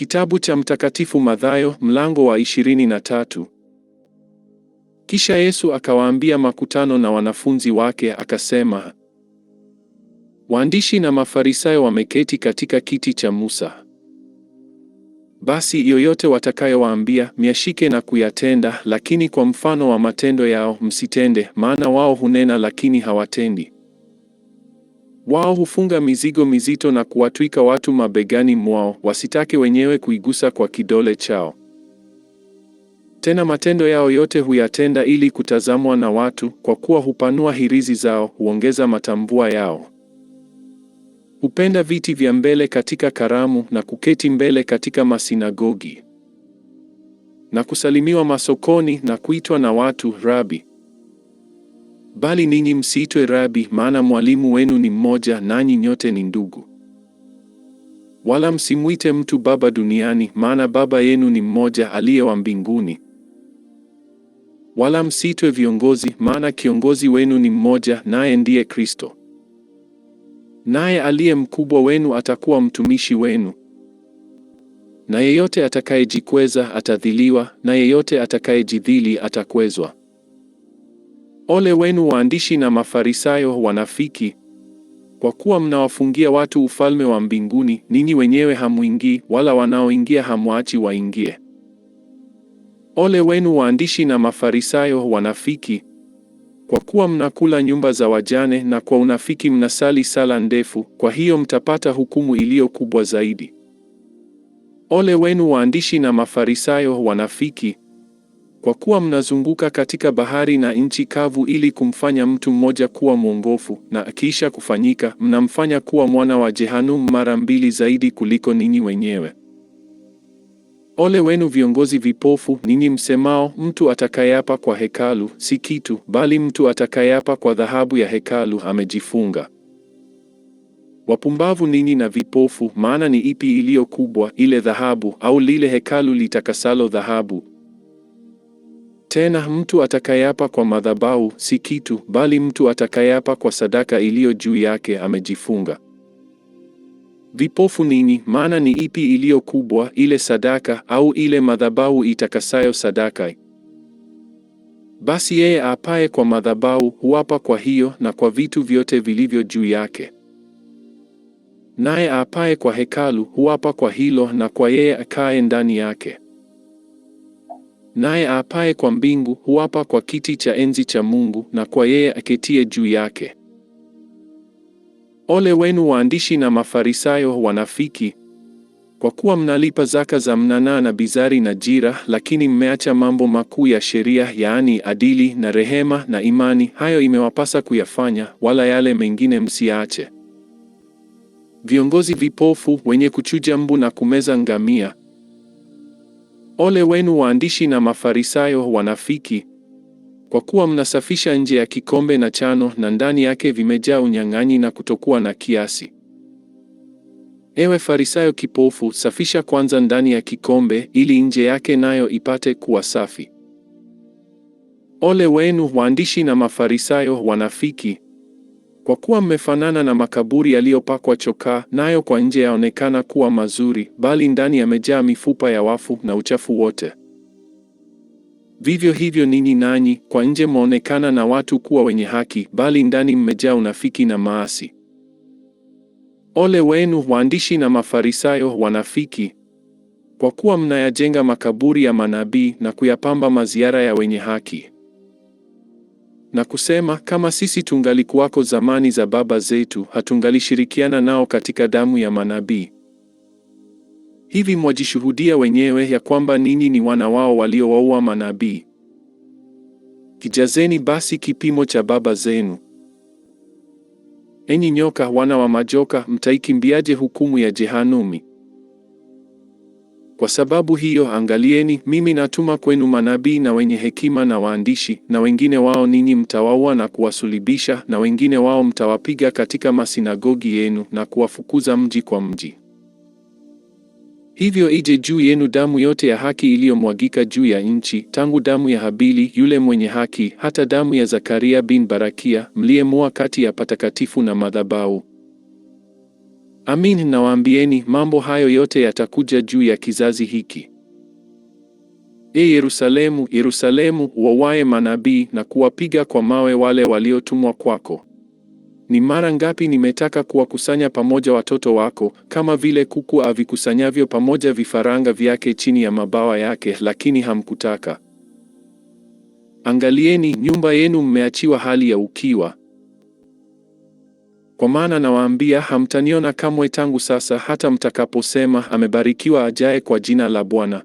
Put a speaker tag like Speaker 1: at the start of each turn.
Speaker 1: Kitabu cha Mtakatifu Mathayo mlango wa 23. Kisha Yesu akawaambia makutano na wanafunzi wake akasema, Waandishi na Mafarisayo wameketi katika kiti cha Musa. Basi yoyote watakayowaambia myashike na kuyatenda, lakini kwa mfano wa matendo yao msitende, maana wao hunena lakini hawatendi. Wao hufunga mizigo mizito na kuwatwika watu mabegani mwao, wasitake wenyewe kuigusa kwa kidole chao. Tena matendo yao yote huyatenda ili kutazamwa na watu, kwa kuwa hupanua hirizi zao, huongeza matambua yao. Hupenda viti vya mbele katika karamu na kuketi mbele katika masinagogi na kusalimiwa masokoni na kuitwa na watu Rabi. Bali ninyi msiitwe rabi, maana mwalimu wenu ni mmoja, nanyi nyote ni ndugu. Wala msimwite mtu baba duniani, maana Baba yenu ni mmoja aliye wa mbinguni. Wala msiitwe viongozi, maana kiongozi wenu ni mmoja, naye ndiye Kristo. Naye aliye mkubwa wenu atakuwa mtumishi wenu. Na yeyote atakayejikweza atadhiliwa, na yeyote atakayejidhili atakwezwa. Ole wenu waandishi na Mafarisayo wanafiki, kwa kuwa mnawafungia watu ufalme wa mbinguni, ninyi wenyewe hamwingii, wala wanaoingia hamwaachi waingie. Ole wenu waandishi na Mafarisayo wanafiki, kwa kuwa mnakula nyumba za wajane na kwa unafiki mnasali sala ndefu, kwa hiyo mtapata hukumu iliyo kubwa zaidi. Ole wenu waandishi na Mafarisayo wanafiki, kwa kuwa mnazunguka katika bahari na nchi kavu ili kumfanya mtu mmoja kuwa mwongofu, na akiisha kufanyika, mnamfanya kuwa mwana wa Jehanum mara mbili zaidi kuliko ninyi wenyewe. Ole wenu viongozi vipofu, ninyi msemao, mtu atakayeapa kwa hekalu si kitu, bali mtu atakayeapa kwa dhahabu ya hekalu amejifunga. Wapumbavu ninyi na vipofu! Maana ni ipi iliyo kubwa, ile dhahabu, au lile hekalu litakasalo dhahabu? Tena mtu atakayeapa kwa madhabahu si kitu, bali mtu atakayeapa kwa sadaka iliyo juu yake amejifunga. Vipofu ninyi, maana ni ipi iliyo kubwa, ile sadaka au ile madhabahu itakasayo sadaka? Basi yeye aapaye kwa madhabahu huapa kwa hiyo na kwa vitu vyote vilivyo juu yake, naye aapaye kwa hekalu huapa kwa hilo na kwa yeye akaye ndani yake. Naye aapaye kwa mbingu huapa kwa kiti cha enzi cha Mungu na kwa yeye aketie juu yake. Ole wenu waandishi na Mafarisayo wanafiki, kwa kuwa mnalipa zaka za mnanaa na bizari na jira, lakini mmeacha mambo makuu ya sheria, yaani adili na rehema na imani. Hayo imewapasa kuyafanya, wala yale mengine msiyaache. Viongozi vipofu wenye kuchuja mbu na kumeza ngamia Ole wenu waandishi na Mafarisayo wanafiki, kwa kuwa mnasafisha nje ya kikombe na chano, na ndani yake vimejaa unyang'anyi na kutokuwa na kiasi. Ewe Farisayo kipofu, safisha kwanza ndani ya kikombe, ili nje yake nayo ipate kuwa safi. Ole wenu waandishi na Mafarisayo wanafiki kwa kuwa mmefanana na makaburi yaliyopakwa chokaa, nayo kwa nje yaonekana kuwa mazuri, bali ndani yamejaa mifupa ya wafu na uchafu wote. Vivyo hivyo ninyi nanyi, kwa nje mwaonekana na watu kuwa wenye haki, bali ndani mmejaa unafiki na maasi. Ole wenu waandishi na Mafarisayo, wanafiki! Kwa kuwa mnayajenga makaburi ya manabii na kuyapamba maziara ya wenye haki na kusema, kama sisi tungalikuwako zamani za baba zetu, hatungalishirikiana nao katika damu ya manabii. Hivi mwajishuhudia wenyewe ya kwamba ninyi ni wana wao waliowaua manabii. Kijazeni basi kipimo cha baba zenu. Enyi nyoka, wana wa majoka, mtaikimbiaje hukumu ya Jehanumi? Kwa sababu hiyo, angalieni, mimi natuma kwenu manabii na wenye hekima na waandishi, na wengine wao ninyi mtawaua na kuwasulibisha, na wengine wao mtawapiga katika masinagogi yenu na kuwafukuza mji kwa mji. Hivyo ije juu yenu damu yote ya haki iliyomwagika juu ya nchi, tangu damu ya Habili yule mwenye haki hata damu ya Zakaria bin Barakia mliyemua kati ya patakatifu na madhabahu. Amin, nawaambieni mambo hayo yote yatakuja juu ya kizazi hiki. E Yerusalemu, Yerusalemu, wawaye manabii na kuwapiga kwa mawe wale waliotumwa kwako! Ni mara ngapi nimetaka kuwakusanya pamoja watoto wako, kama vile kuku avikusanyavyo pamoja vifaranga vyake chini ya mabawa yake, lakini hamkutaka. Angalieni, nyumba yenu mmeachiwa hali ya ukiwa. Kwa maana nawaambia, hamtaniona kamwe tangu sasa hata mtakaposema, amebarikiwa ajaye kwa jina la Bwana.